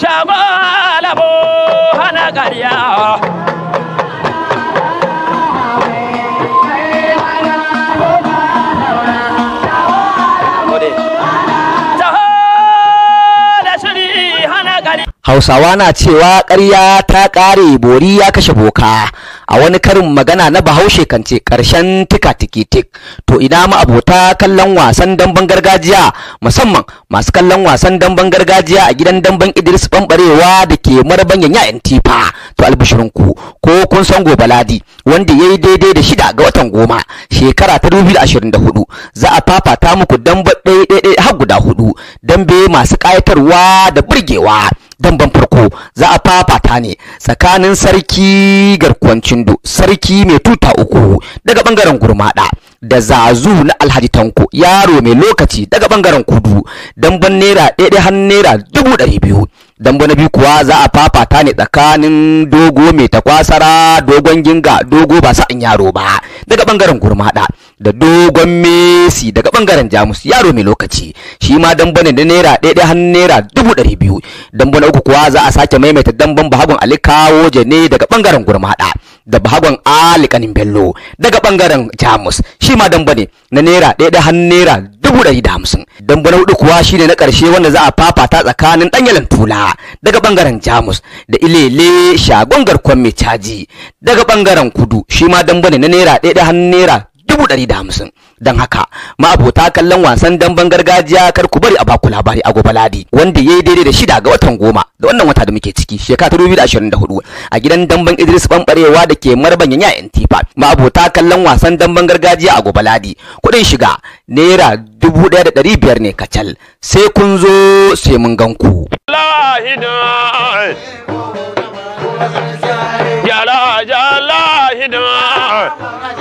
shamalabu hana ƙarya Hausawa na cewa ƙarya ta ƙare bori ya kashe boka a wani karin magana na bahaushe kan ce ƙarshen tika tiki tik to ina ma abota kallon wasan damben gargajiya musamman masu kallon wasan damben gargajiya a gidan damben Idris Bambarewa da ke marban yanya yan tifa to ku ko kun san Ladi, wanda yayi daidai da shida ga watan goma shekara ta 2024 za a fafata muku dambe ɗaya har guda hudu dambe masu ƙayatarwa da burgewa damban farko za a fafata ne tsakanin sarki garkuwan cindo sarki mai tuta uku daga bangaren gurmada da zazu na alhaji tanko yaro mai lokaci daga bangaren kudu damban naira ɗaya har naira dubu ɗari biyu dambo na biyu kuwa za a fafata ne tsakanin dogo mai takwasara dogon ginga dogo ba sa'in yaro ba daga bangaren gurmada da dogon Messi daga bangaren Jamus yaro mai lokaci shi ma dambane da naira ɗaya hannun naira dubu ɗari biyu dambane uku kuwa za a sake maimaita damban bahagon Ali Kawo jane daga bangaren Gurmada da bahagon Ali Kanin Bello daga bangaren Jamus shi ma dambane na naira ɗaya hannun naira dubu ɗari da hamsin dambane hudu kuwa shi ne na ƙarshe wanda za a fafata tsakanin Danyalen Tula daga bangaren Jamus da Ilele Shagon Garkon Mai Caji daga bangaren Kudu shi ma dambane na naira ɗaya hannun naira ɗari da hamsin don haka ma'abota kallon wasan damben gargajiya kar ku bari a baku labari a gobe ladi wanda ya yi daidai da shida ga watan goma da wannan wata da muke ciki shekara ta dubu da ashirin da hudu a gidan damben idris bambarewa da ke marban yanya yan tifa ma'abota kallon wasan damben gargajiya a gobe ladi kuɗin shiga naira dubu ɗaya da ɗari biyar ne kacal sai kun zo sai mun gan ku. Jala hidima.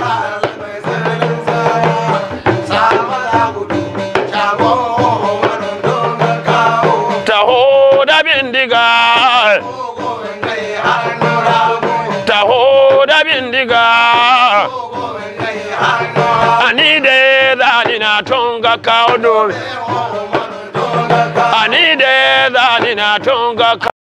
bindiga taho da bindiga ani da zani na tonga kawo domin ani da zani na tunga